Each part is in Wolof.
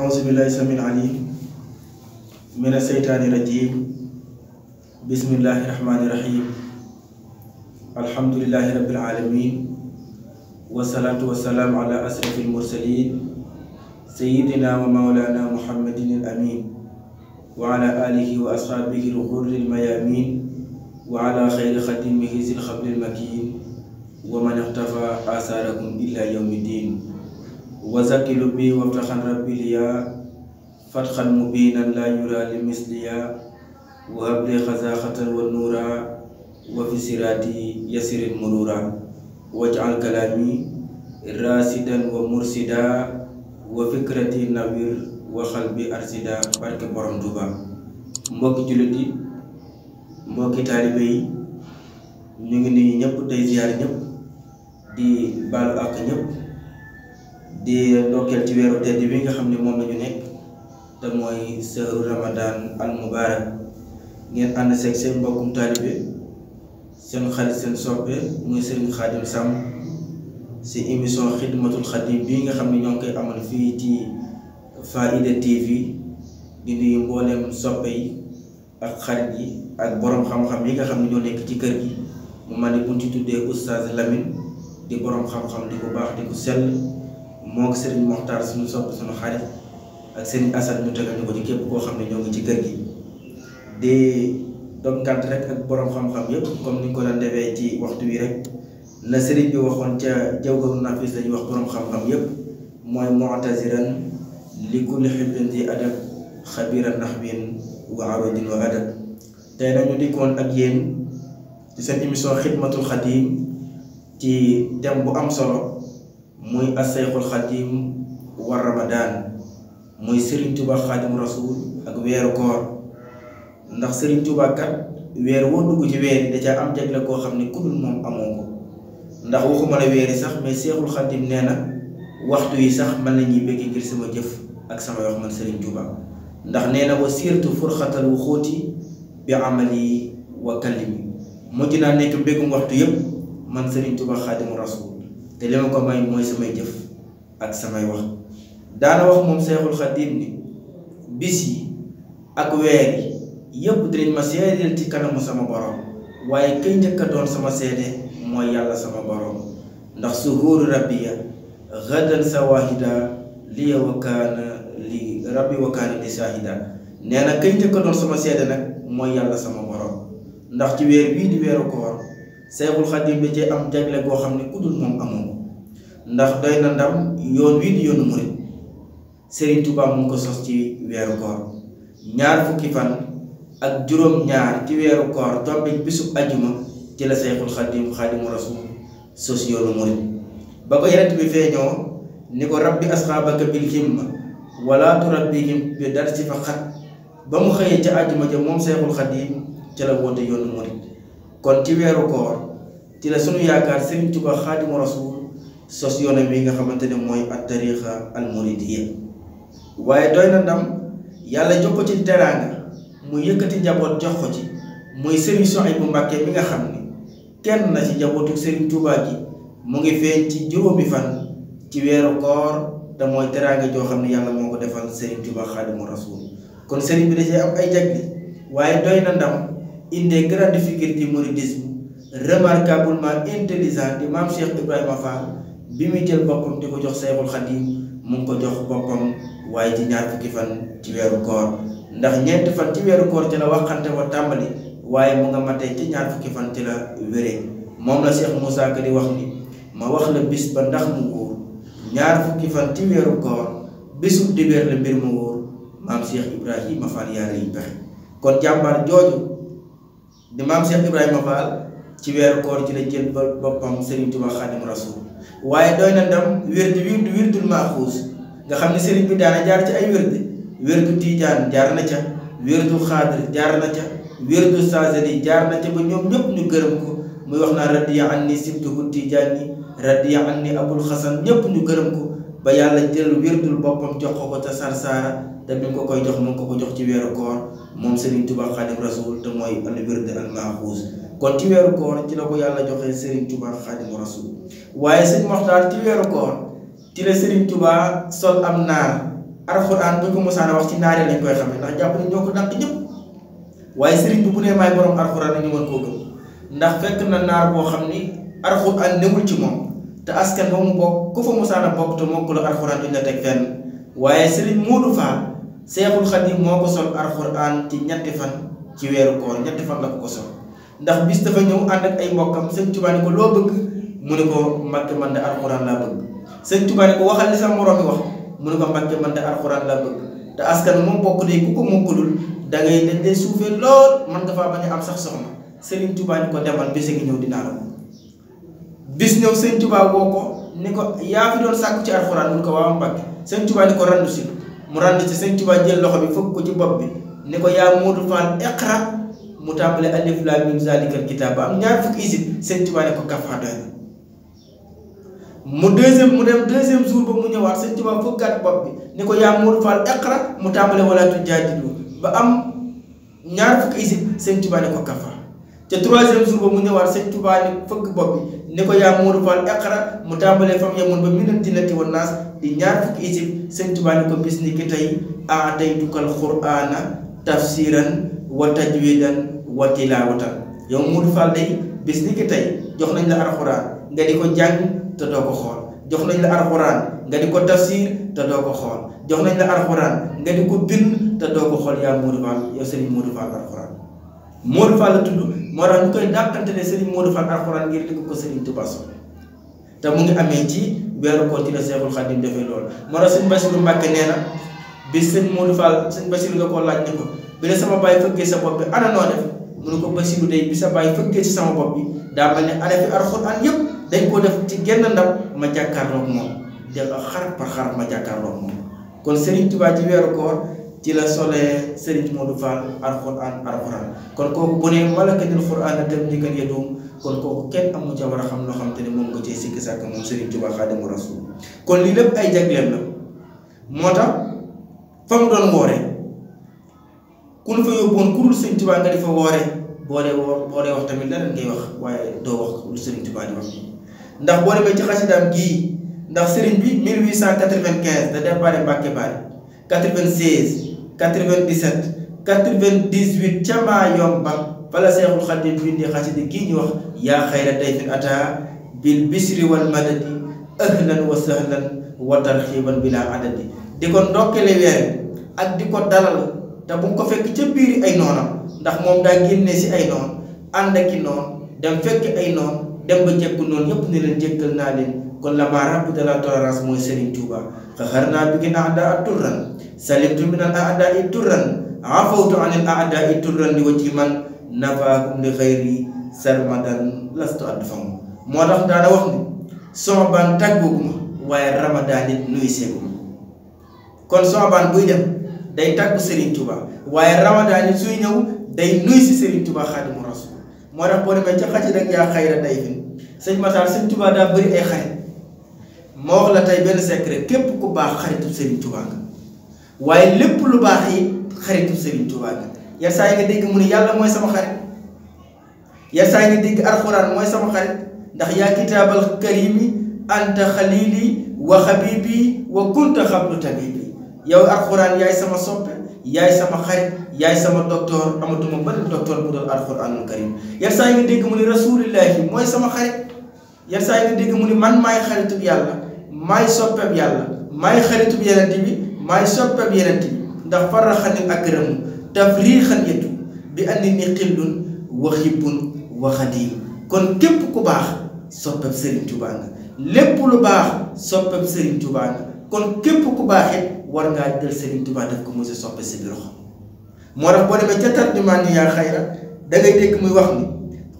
أعوذ بالله السميع العليم من الشيطان الرجيم بسم الله الرحمن الرحيم الحمد لله رب العالمين والصلاة والسلام على أشرف المرسلين سيدنا ومولانا محمد الأمين وعلى آله وأصحابه الغر الميامين وعلى خير خدمه ذي الخبر المكين ومن اقتفى آثاركم إلى يوم الدين wa zakkilu bi waftaxan rabbiliya fatxan mubinan la yura li misliya wa habli xazaxatan wa nuura wa fi siraati yasirin murura waj'al kalaami rasidan wa mursida wa fikrati nawir wa xalbi arsida barke borom Tuuba mbokki jullit mbokki taalibe yi ñu ngi nuyu ñëpp tey ziyaar ñëpp di baalu àq ñëpp di ndokkeel ci weeru tedd bi nga xam ne moom la ñu nekk te mooy sëru Ramadan al mubarak ngeen ànd seeg seen mbokkum taalibe seen xarit seen soppe muy Serigne Khadim Samb si émission xidmatul xadim bi nga xam ne ñoo ngi koy amoon fii ci Faaida TV di nuyu mbooleem soppe yi ak xarit yi ak boroom xam-xam yi nga xam ne ñoo nekk ci kër gi mu man ni bu ci tuddee oustaz Lamine di borom xam-xam di ko baax di ko sell. moo ko sëriñ Moxtaar suñu sopp suñu xarit ak sëriñ Assane ñu tegal ci képp koo xam ne ñoo ngi ci kër gi di donkant rek ak boroom xam-xam yëpp comme niñ ko daan defee ci waxtu wi rek na sëriñ bi waxoon ca jawgaru nafis lañuy wax boroom xam-xam yëpp mooy mu'taziran li kulli xibrin di adab xabiran naxwin wa aradin wa adab tey nañu dikkoon ak yéen ci seen émission xidmatul xadim ci thème bu am solo muy asayxul xadim war ramadaan muy Serigne Touba xadim rasul ak weeru koor ndax Serigne Touba kat weer woo dugg ci weer da ca am jagle koo xam ne ku dul moom amoo ko ndax waxuma la weeri sax mais seexul xadim nee na waxtu yi sax man na ñuy bëgg ngir sama jëf ak sama wax man Serigne Touba ndax nee na wa sirtu furxatal wu xóoti bi amali wa kallimi mujj naa nekk mbégum waxtu yépp man Serigne Touba xadim rasul te li ma ko may mooy samay jëf ak samay wax daana wax moom Seexul Xadiim ni bis yi ak weer yi yëpp dinañ ma seedeel ci kanamu sama borom waaye kay njëkk doon sama seede mooy yàlla sama borom ndax suhuuru rabbiya gadan sama seede nag mooy yàlla sama borom ndax ci weer bii di weeru koor Seexul Xadiim da cee am jagle goo xam ne ku dul moom amoo ndax doy na ndam yoon wii di yoonu murit Serigne Touba mu ngi ko sos ci weeru koor ñaar fukki fan ak juróom-ñaar ci weeru koor tombe bisu ajuma ci la Seyxul Xadim Xaadimu Rasul sos ko yonent bi feeñoo ni ko rabbi asxaabaka bil himma si fa xat ba mu xëyee ca ajuma ja moom Seyxul Xadim ca la woote yoonu murit kon ci weeru koor ci la sunu yaakaar Serigne Touba Xaadimu Rasul sos yoonam bi nga xamante ne mooy at tarixa al muridiyya waaye doy na ndam yàlla jox ko ci teraanga mu yëkkati njaboot jox ko ci muy Serigne Souhaïbou Mbacké mi nga xam ne kenn na ci njabootu Serigne Touba ji mu ngi feeñ ci juróomi fan ci weeru koor te mooy teraanga joo xam ne yàlla moo ko defal Serigne Touba Xaadimu Rasuul kon Serigne bi da cee am ay jagle waaye doy na ndam indee grande figure du mouridisme remarquablement intelligent di maam Cheikh Ibrahima Fall. bi muy jël boppam di ko jox Seexul Xadiim mu ngi ko jox boppam waaye ci ñaar fukki fan ci weeru koor ndax ñeenti fan ci weeru koor ci la waxante wa tàmbali waaye mu nga tey ci ñaar fukki fan ci la wéree moom la Cheikh Moussa Ka di wax ni ma wax la bis ba ndax mu wóor ñaar fukki fan ci weeru koor bisu dibéer la mbir mu wóor maam Cheikh Ibrahima Fall yaa rëy pexe kon jàmbaar jooju di maam Cheikh Ibrahima Fall ci weeru koor ci la jël ba boppam Serigne Touba Khadim Rasoul waaye doy na ndam wird wird wirdul maaxuus nga xam ne Serigne bi daana jaar ci ay Tiijaan jaar na ca wirdu Xaadir jaar na ca wirdu Saasali jaar na ca ba ñoom ñëpp ñu gërëm ko muy wax naa radiya anni sibtuhu Tiijaani radiya ni Abul Xasan ñëpp ñu gërëm ko ba yàlla jël wirdul boppam jox ko ko te sarsaara te bi ko koy jox mu ngi ko ko jox ci weeru koor moom Serigne Touba Khadim Rasoul te mooy al wird al maaxuus kon ci weeru koor ci la ko yàlla joxe Serigne Touba Xaadimu Rasuul waaye sëñ ci weeru koor ci la am naar alxuraan bu ko musaana wax ci naar yi lañ koy xamee ndax jàpp ni ko dàq waaye Serigne bi na naar boo xam ni alxuraan newul ci moom te askan ba mu bokk ku fa musaana la alxuraan waaye Serigne Modou Fall Seexul Xadiim moo ko sol alxuraan ci ñetti fan ci weeru koor ñetti fan la ko ko sol. ndax bis dafa ñëw ànd ay mbokkam sëñ Tuubaa ni ko loo bëgg mu ne ko Mbàkke man de alxuraan laa bëgg sëñ Tuubaa ni ko waxal li sa moroom wax mu ne ko Mbàkke man de alxuraan laa bëgg te askan moom bokk de ku ko mokkulul da ngay suufee lool man nga faa bañ a am sax soxna sëriñ Tuubaa ni ko demal bis a ngi ñëw dinaa la ko bis ñëw sëñ woo ko ni ko yaa fi doon ci alxuraan mu ne ko waaw Mbàkke sëñ Tuubaa ni ko randu si mu rand si sëñ Tuubaa jël loxo bi fëgg ko ci bopp bi ko mu tàmbale alif laam miim zaalikal kitaab ba am ñaar fukki isib sëñ Tuubaa ko kafaa doy mu deuxième mu dem deuxième jour ba mu ñëwaat sëñ Tuubaa fukkaat bopp bi ni ko yaa Mour Fall iqra mu tàmbale wala tujaadilu ba am ñaar fukki isib sëñ Tuubaa ne ko kafaa te troisième jour ba mu ñëwaat sëñ Tuubaa di ñaar fukki isib sëñ Tuubaa ko bis ni ki tey aadaytukal qur'aana tafsiran wa tajwidan wa tilaawatan yow Modou Fall bis ni ki tey jox nañ la alxuraan nga di ko jàng te doo ko xool jox nañ la alxuraan nga di ko tafsir te doo ko xool jox nañ la alxuraan nga ko bind te doo ko xool yaa Modou Fall yow Serigne Modou Fall alxuraan Modou Fall la tudd moo tax ñu koy dàqante ne Serigne Modou Fall alxuraan ngir dëgg ko Serigne Touba te mu ngi amee ci weeru continué Seexul Xadim defee loolu moo tax sëñ Basiru Mbàkke nee na bis sëñ Modou Fall sëñ Basiru nga koo laaj ne ko bi la sama baay fëggee sa bopp bi ana noo def mu ne ko basiru day bi sa baay fëggee ci sama bopp bi daa mel ne ana alxuraan yëpp dañ koo def ci genn ndaw ma jàkkaarloog moom def xar par xar ma jàkkaarloog moom kon Serigne ci weeru koor ci la solee Serigne Modou Fall alxuraan alxuraan kon kooku bu ne malakatul xuraan la tam ni kan yadum kon kooku kenn amu ca war a xam loo xam te ne moom nga cee sikki sàkk moom Serigne Touba Xaadimu Rasuul kon lii lépp ay jagleem la moo tax fa mu doon wooree ku la fa yóbbuwoon ku dul sëñ Tuubaa nga di fa woore boo dee woor boo dee wax tamit leneen ngay wax waaye doo wax lu sëriñ Tuubaa di wax ndax boo demee ci xasidaam gii ndax sëriñ bi 1895 da départ Mbàkke Baari 96 97 98 ca maa yomba fala Seexul wax yaa xayra dayfin ataa bil bisri wal madadi ahlan wa sahlan wa tarxiiban bilaa adadi di ko ndokkale weer ak di ko dalal te bu ko fekk ca ay noonam ndax moom daa génne si ay noon ànd ak i noon dem fekk ay noon dem ba jekk noonu yépp ne leen jékkal naa leen kon la maa rabbi de la tolérance mooy Serigne Touba naa bi gin ahda a turran salimtu min al ahda i turran afawtu an il ahda i turran di wacci man nafaakum li xayri sarmadan lastu adfam moo tax daana wax ni soxbaan tàggooguma waaye ramadaan it nuy seeguma kon soxbaan buy dem day tàggu Serigne waaye ramadaan yi suy ñëw day nuy si Serigne Touba xaadimu rasul moo tax boo demee ca xaj rek xayra day fin sëñ Matar sëñ Touba daa bëri ay xarit moo wax la tey benn képp ku baax xaritu nga waaye lépp lu baax yi xaritu Serigne Touba nga yenn saa yi nga dégg mu yàlla mooy sama xarit yenn saa yi nga dégg alxuraan mooy sama xarit ndax yaa kitaabal karimi anta xalili wa xabibi wa kunta xablu tabibi yow alxuraan yaay sama soppe yaay sama xarit yaay sama docteur amatuma benn docteur bu doon alxuraanul karim yenn saa yi dégg mu ni rasulillahi mooy sama xarit yenn saa yi nga dégg mu ni man maay xaritub yàlla maay soppeb yàlla maay xaritub bi maay soppeb yenent bi ndax faraxani ak rëmu tafriixan yetu bi andi ni xillun wa xibbun kon képp ku baax soppeb Serigne Touba nga lépp lu baax soppeb Serigne Touba nga kon képp ku baaxit war ngaa jël Serigne Touba def a soppe si biir moo tax boo demee ca tarjumaan yaa xayra da ngay dégg muy wax ni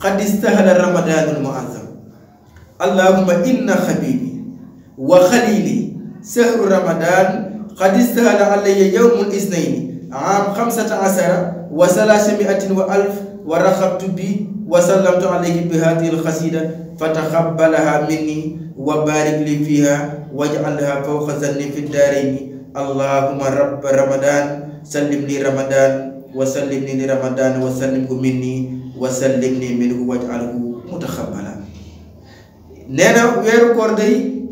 xad istahala ramadaanul muazzam allahumma inna xabibi wa xalili sahru ramadan xad istahala alayya yowmul isnayni am xamsata asara wa salaasa miatin wa alf wa raxabtu bi wa sallamtu alayhi bi hadihi alxasida fa taxabbalaha minni wa barik li fiha waj'alha fawqa zanni fi daarayni allahumma rabb ramadan sallim li ramadan wa sallim ni li ramadan wa sallimhu minni wa sallim ni minhu waj'alhu mutaxabbala nee na weeru koor day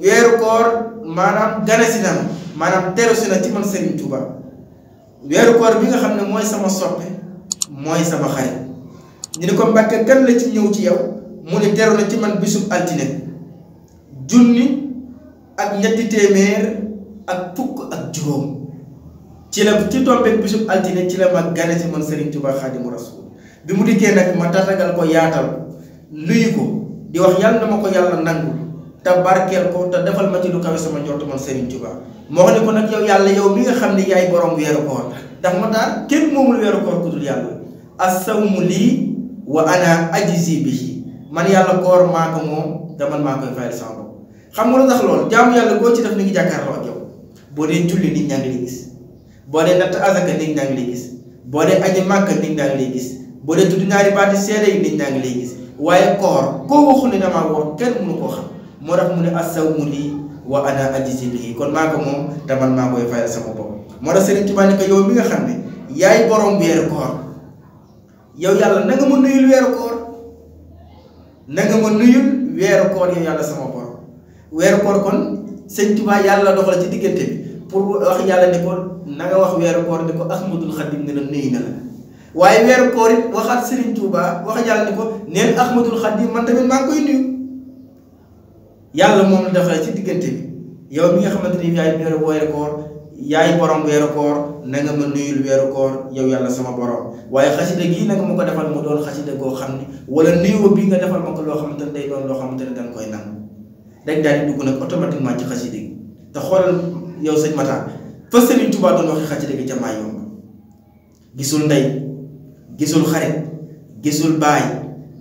weeru koor maanaam si na maanaam terusi na ci man Serigne Touba weeru koor bi nga xam ne mooy sama soppe mooy sama xarit ñu ne ko Mbàkke kan la ci ñëw ci yow mu ne teru na ci man bisub altine junni ak ñetti téeméer ak fukk ak juróom ci la ci tombeeg bisub altine ci la ma gane si man Serigne Touba Xaadimu Rasuul bi mu dikkee nag ma tatagal ko yaatal nuyu ko di wax yàlla na ma ko yàlla nangul te barkeel ko te defal ma ci lu kawe sama njort man Serigne moo xam ne ko nag yow mi nga xam ne yaay borom weeru koor ndax ma taar kenn moomul weeru koor yàlla asawmu lii wa ana ajzi bihi man yàlla koor maa ko moom te maa koy fayal sama xam nga lu tax loolu yàlla boo ci def ni ngi jàkkaarloo ak yow boo dee julli nit ngi lay gis boo dee natt azaka nit ngi lay gis boo dee aji màkk waaye koor koo waxul ne damaa moo tax mu ne as-sawmu lii wa ana kon maa ko moom te man maa koy fayal sama bopp moo tax Sëriñ Tuubaa yow mi nga xam ne yaay borom weeru koor yow yàlla na nga ma nuyul weeru koor na ma nuyul weeru koor yow yàlla sama bopp weeru koor kon sëñ Tuubaa yàlla doxal ci diggante bi pour wax yàlla ne ko na wax weeru koor ne ko Ahmadul Xadim ne na waaye weeru koor it waxaat Sëriñ Tuubaa wax ko neen Ahmadul Xadim man tamit maa ngi koy nuyu yàlla moom la doxal ci diggante bi yow mi nga xamante ni yaay weeru weeru koor yaay borom weeru koor na nga ma nuyul weeru koor yow yàlla sama borom waaye xasida gii nag mu ko defal mu doon xasida goo xam ni wala nuyoo bii nga defal ma ko loo xamante ne day doon loo xamante ne dañ koy nangu. dañ daal di dugg nag automatiquement ci xasida gi te xoolal yow sëñ Matar fa Sëriñ Tuubaa doon waxee xasida gi yomb gisul ndey gisul xarit gisul baay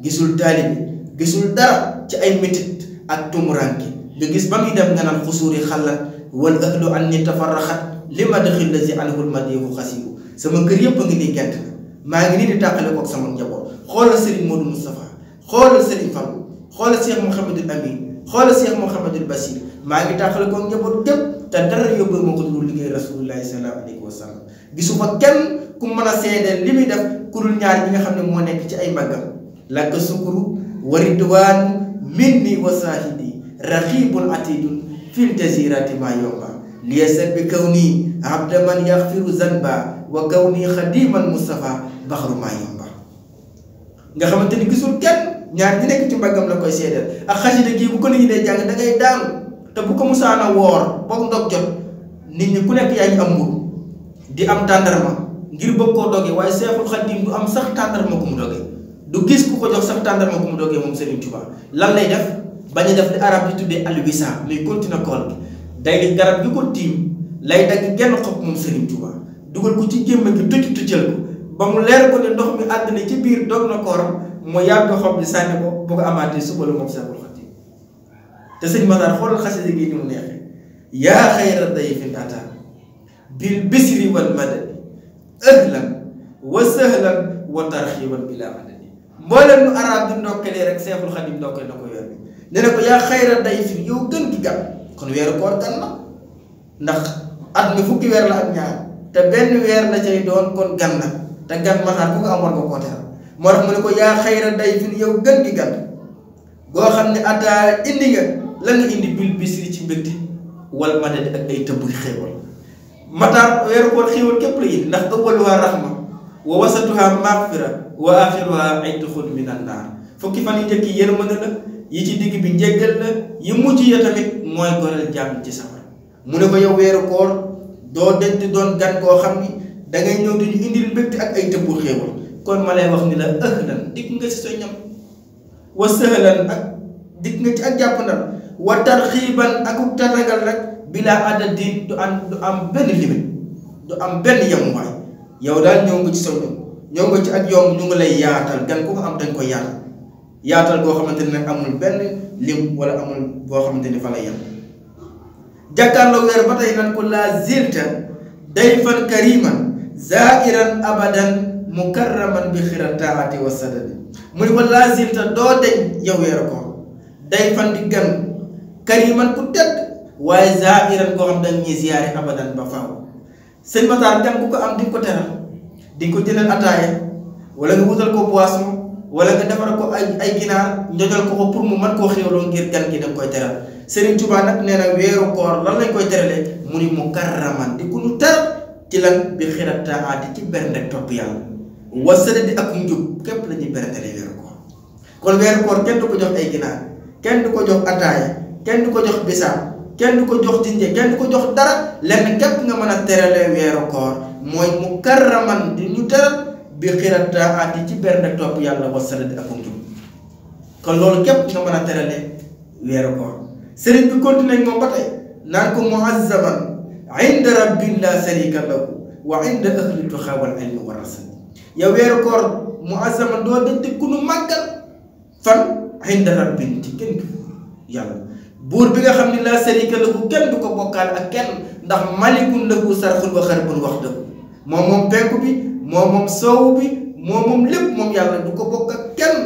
gisul taalibi gisul dara ci ay métit ak tumuranke nga gis ba muy dem nga naan xusuuri xalat wal ahlu an ni tafarraxat li a daxil la si anhul madiixu xasiyu sama kër yëpp a ngi nii gent na maa ngi nii di tàqale koog sama njaboot xoolal Serigne Modou Moustapha xoolal Serigne Fallou xoolal Cheikh Mouhamadou Amin xoola Cheikh Mouhamadul Bachir maa ngi tàqale ko njaboot gépp te dara yóbbu ma ko dul liggéey rasulullahi sallallahu alayhi wa sallam gisu fa kenn ku mën a seedeel li muy def ku dul ñaar ñi nga xam ne moo nekk ci ay màggam lakk sukuru wa ridwaanu minni wa saahidi raxibun atidun fil jazirati ma yomba liesat bi kaw nii abdaman yaxfiru zanba wa kaw nii xadiman mustafa baxru yomba nga xamante ni gisul kenn ñaar ñi nekk ci mbaggam la koy seedeel ak xasida gii bu ko nit ñi dee jàng da ngay daanu te bu ko musaana woor boog ndog jot nit ñi ku nekk yaa ngi am mburu di am tàndarma ngir bëgg koo doge waaye Seexul Xadiim du am sax tàndarma ku mu doge du gis ku ko jox sax tàndarma ku mu doge moom Serigne Touba lan lay def bañ a def li arab yi tuddee alwisa muy continue kool gi day di garab gi ko tiim lay dagg genn xob moom Serigne Touba ko ci gémma gi tucc ba mu leer ko ne ndox mi àddina ci biir dog na kooram mu yàgg xob bi sànni ko bu ko suba la moom Seexul Xadiim te sëñ Matar xoolal xasida gi ñu neexee yaa xayra dayfin ataa wa sahlan wa tarxiiban bilaa adadi mbooleen nu arab di ndokkalee yow gën gi gàpp kon weeru koor kan la ndax at mi fukki weer la ak ñaar te benn weer la cay doon kon gan la te gan maxaar ku ko am war nga koo teral moo tax mu ne ko yaa xayra day fi yow gën gi gan goo xam ne ataa indi nga la nga indi bil bisri ci mbégte wal madadi ak ay tëbb xéewal mataar weeru koor xéewal képp la ndax ëppaluwaa rahma wa wasatuha magfira wa axiruha ay tuxun min an naar fukki fan yi njëkk yi yërmande la yi ci digg bi njéggal la yi mujj ya tamit mooy goreel jàmm ci safara mu ne ko yow weeru koor doo denc doon gan goo xam ni da ngay ñëw di ñu indil mbégte ak ay tëbbu xéewal kon ma lay wax ni la ahlan dikk nga ci sa wa sahlan ak dikk nga ci ak jàpp ndal wa tarxiiban ak taragal rek bilaa adadin du du am benn limite du am benn yemuwaay yow daal ñëw nga ci sa ñoom ñëw nga ci ak yomb ñu ngi lay yaatal gan ku ko am dañ ko yaatal yaatal boo xamante ne nag amul benn lim wala amul boo xamante ne fa lay yem jàkkaarloo weer ba tey nan ko laa zilta dayfan kariman zairan abadan mukarraman bi xiran taati wa sadadi mu ni ko lazilta doo deñ yow weeru koor day fan di gan kariman ku tedd waaye zairan koo xam dañ ñuy ziyaare abadan ba faaw sëñ Matar tam ku ko am di ko teral di ko jëndal ataaya wala nga wutal ko boisson wala nga defar ko ay ay ginaar njojal ko ko pour mu mën koo xéwloo ngir gan gi da koy teral Serigne Touba nag nee na weeru koy teralee mu ni mukarraman di ku ñu ci lan bi xirat taaxaati ci bernde topp yàlla wasale di ak njub la ñuy berndele kon weeru koor kenn du jox ay ginaar kenn du ko jox ataaya kenn du ko jox bisaab kenn du ko jox jinje ko jox dara lenn képp nga mën a terale weeru koor mooy mu karraman di ñu teral bi xirat taaxaati ci bernde topp yàlla wasale di ak njub kon loolu képp nga a terale weeru koor sëriñ bi continué moom ba tey naan ko muazzaman inda rabbil laa sharika lahu wa inda ahli tuqaa wal ilmi wa rasad yow weeru koor mu asama doo dënd ku nu màggal fan inda rabbil ci kenn du yàlla buur bi nga xam ne laa sharika lahu kenn du ko bokkaal ak kenn ndax malikun lahu sarxun wa xarbun wax dëgg moom moom penku bi moom moom soowu bi moom moom lépp moom yàlla du ko bokk ak kenn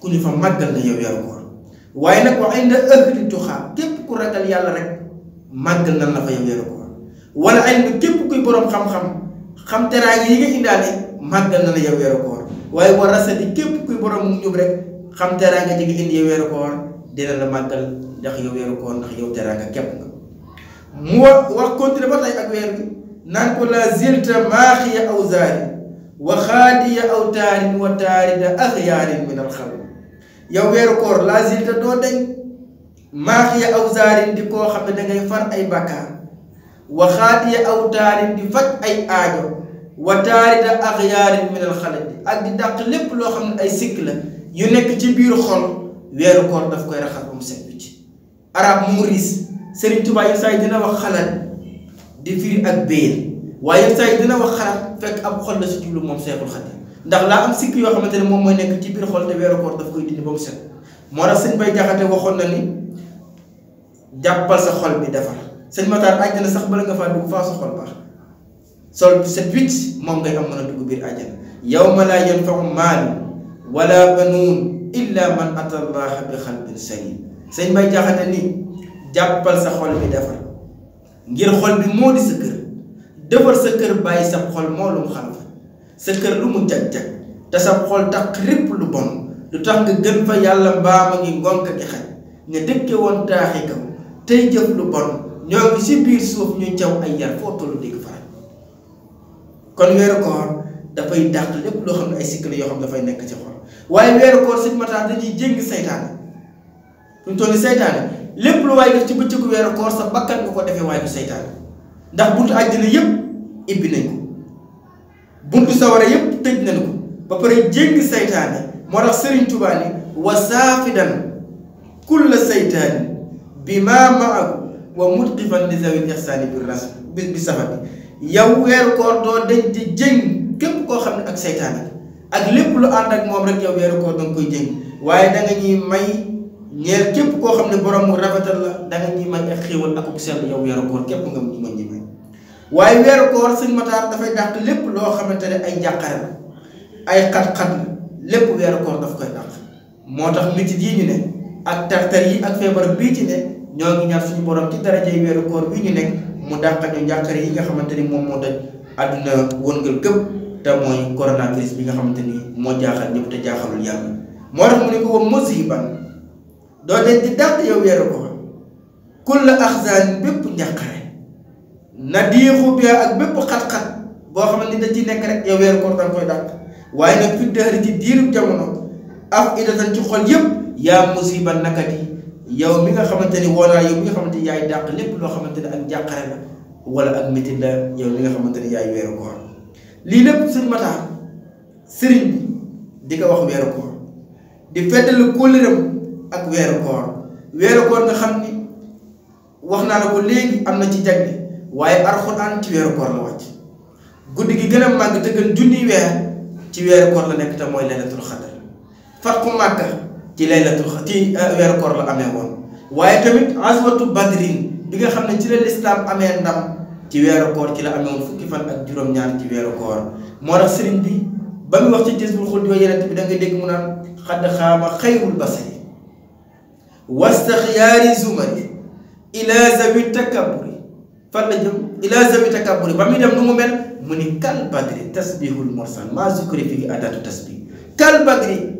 ku ñu fa màggal na yow weeru koor waaye nag wa inda ahli tuqaa képp ku ragal yàlla rek. màggal nan la fa yow koor wala ay lu képp kuy borom xam-xam xam teraange yi nga indaale màggal na la yow weeru koor waaye war rasati képp kuy borom mu ñub rek xam teraange ji nga indi yow weeru koor dina la màggal ndax yow weeru koor ndax yow teraanga képp nga mu wax wax continuer ba tey ak weer bi naan ko la zilta maaxiya aw wa xaadiya aw taarin wa taarida axyaarin min al la zilta doo deñ maaxiya aw zaarin di koo xam ne dangay far ay bakkaar wa xaadiya aw taarin di faj ay aajo wa taarida axyaarin min al xalati ak di daq lépp loo xam ne ay sikk la yu nekk ci biir xol weeru koor daf koy raxas ba mu set wicc arab mu riis Sëriñ dina wax xalaat di firi ak béyal waaye yenn wax xalaat fekk ab xol la xamante ne moom mooy nekk ci biir xol te weeru koor daf koy dindi ba mu set moo tax sëñ Bay Jaxate waxoon na ni jàppal sa xol bi defar sëñ Matar na sax bala nga faa dugg faa sa xol baax sol set wicc moom ngay am mën a dugg biir àjjana yawma laa yanfau maalun wala banuun illa man ata bi xalbin salim sëñ Bay Jaxate ni jàppal sa xol bi defar ngir xol bi moo di sa kër defar sa kër bàyyi sa xol moo lu mu xam sa kër lu mu jag-jag te sa xol tax ripp lu bon lu tax nga gën fa yàlla mbaama ngi ngonk ki xaj nga dëkke woon taaxi kam tey jëf lu bon ñoo ngi si biir suuf ñu jaw ay yar foo tollu dégg farañ kon weeru koor dafay dàq lépp loo xam ne ay sikkale yoo xam dafay nekk ci xol waaye weeru koor sëñ Matar dañuy jéng saytaane fu mu toll lépp lu waaye def ci bëccëgu weeru sa bakkan nga ko defee waaye du saytaane ndax buntu àjjana yëpp ibbi nañ ko buntu sawara yëpp tëj nañ ko ba pare jéng saytaane moo tax Serigne Touba ni wa saafidan kulla saytaani bi maa maahu wa mutqifan li zawil ihsani bi ras bi safati yow weeru koor doo dañ di jëng képp koo xam ne ak seytaane ak lépp lu ànd ak moom rek yow weeru koor danga koy jëng waaye da nga ñuy may ñeer képp koo xam ne borom mu rafetal la da nga ñuy may ak xéewal ak sell yow weeru koor képp nga mën ñi may waaye weeru koor sëñ Matar dafay dàq lépp loo xamante ne ay njàqare la ay xat-xat la lépp weeru koor koy dàq moo tax métit yi ñu ne ak tartar yi ak feebar bii ci ñoo ngi ñaan suñu borom ci darajay weeru koor bii ñu nekk mu dàqal ñu njàqare yi nga xamante ni moom moo daj àdduna wëngal këpp te mooy coronavirus bi nga xamante ni moo jaaxal ñëpp te jaaxalul yàlla moo tax mu ne ko wa musiban doo leen di dàq yow weeru koor kulla axsaan bépp njàqare na diixu bi ak bépp xat-xat boo xamante ni da ci nekk rek yow weeru koor danga koy dàq waaye nag fi dëhër ci diirub jamono af idatan ci xol yëpp yaa musiban naka di yow mi nga xamante ni woonaa yow mi nga xamante yaay dàq lépp loo xamante ne ak jàqare la wala ak métit la yow mi nga xamante ni yaay weeru koor lii lépp sëñ Matar sëriñ bi di ko wax weeru koor di feddali kóllëram ak weeru koor weeru koor nga xam ni wax naa la ko léegi am na ci jagle waaye alxuraan ci weeru koor la wàcc guddi gi gën a màgg te gën junniy weer ci weeru koor la nekk te mooy laylatul xadar fat ko màgg ci laylatu ci euh, weeru koor la amee woon waaye tamit aswatu badrin bi nga xam ne ci la lislaam amee ndam ci weeru koor ci la amee woon fukki fan ak juróom-ñaar ci weeru moo tax sëriñ bi ba mu wax ci jës bul xul yooyu yeneen bi da ngay dégg mu a xadd xaama xayrul basari wastaxyaari zumari ila zawi takaburi fan la jëm ila zawi takaburi ba muy dem nu mu mel mu ni kal badri tasbihul mursal maa zukri fi adatu tasbih kal badri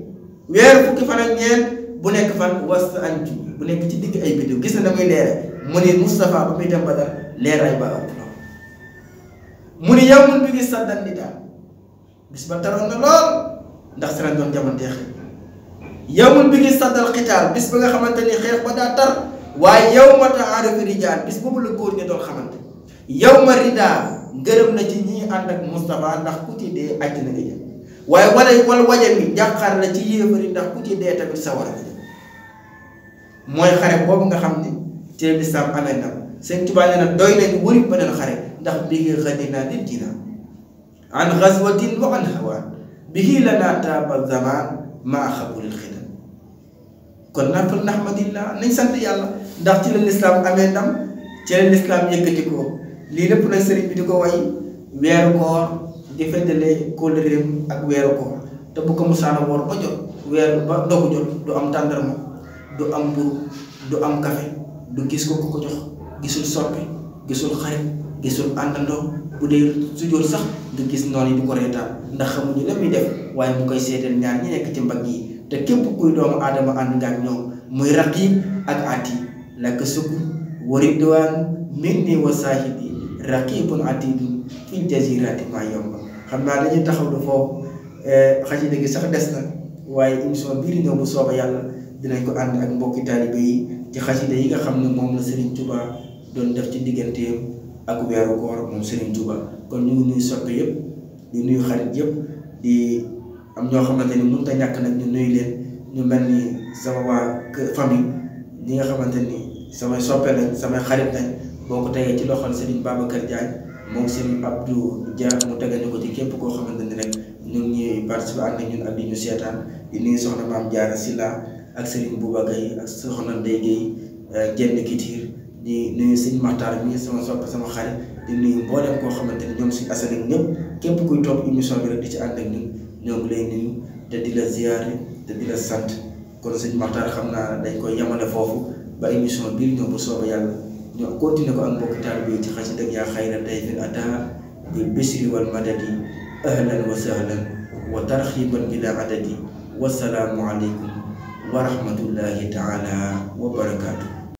weer fukki fan ak ñeent bu nekk fan was an bu nekk ci dikk ay biddiw gis na damay leere mu ni Moustapha ba muy dem Badar leeraay ba ëpp na mu ni yow mun bi ngi sàddan di daal bis ba taroon ngi sàddal xitaal bis ba nga xamante ni xeex ba daa tar waaye yow ma taxaarifi rijaal bis boobu la góor ñi doon xamante yow ma ridaa ngërëm na ci ñi ànd ak Moustapha ndax ku ci dee na nga jëm waaye wala wala waja mi jàqaar na ci yéefari ndax ku ci dee tamit sawara mooy xare boobu nga xam ne ci lislaam amee ndam seen tubaab nee na doy nañu wëri beneen xare ndax bihi naa lil jinaan an ghazwatin wa an hawaan bihi lanaa taaba zamaan maa xabulil xidan kon nag fal nahmadillah nañ sant yàlla ndax ci la lislaam amee ndam ci la lislaam yëkkati ko lii lépp nag sëriñ bi di ko way weeru koor di fëttale kóllëreem ak weeru ko te bu ko musaana woor ba jot weer ba dogu jot du am tàndarma du am buru du am café du gis ko ko ko jox gisul soppi gisul xarit gisul àndandoo bu dee su jot sax du gis noonu yi du ko reetaan ndax xamuñu la muy def waaye mu koy seetal ñaar ñi nekk ci mbagg yi te képp kuy doomu aadama ànd nga ak ñoom muy raqiib ak atiid laka sukkur wa ridwaan minni wa saahidi raqiibun atiidun fil jasiirati maa yomba xam naa dañuy taxaw du foofu eh, xasida gi sax des na waaye émission bii di ñëw bu sooba yàlla dinañ ko ànd ak mbokki taalibe yi ci xasida yi nga xam ne moom la Serigne Touba doon def ci digganteem ak weeru koor moom Serigne Touba kon ñu ngi nuyu soppe yëpp di nuyu xarit yëpp di am ñoo xamante ni mënut a ñàkk nag ñu nuyu leen ñu mel ni sama waa kër famille ñi nga xamante ni samay soppe lañ samay xarit lañ boo ko tegee ci loxol Serigne Babacar Diagne. moom Serigne Abdou Dia mu tegal ko ci képp koo xamante ni rek ñu ngi ñuy participer ànd ak ñun ak di ñu seetaan di nuyu soxna maam Diarra Sylla ak Serigne Boubacar yi ak soxna Ndeye Guèye euh, Diène Kitiir di nuyu sëñ Maxtaar mi sama sopp sama xarit di nuyu mboolem koo xamante ni ñoom suñu asal ak képp kuy topp émission bi rek di ci ànd ak ñun ñoo ngi lay nuyu te di la ziyaare te di la sant kon sëñ Maxtaar xam naa dañ koy yemale foofu ba émission biir ñëw bu soobee yàlla. ñu continuer ko ak mbokk taalibe yi ci xasida ak yaa xayra dayfin ataa bil bishri wal madadi ahlan wa sahlan wa tarxiban bila adadi wasalaamu aleykum wa rahmatullahi taala wa barakaatu.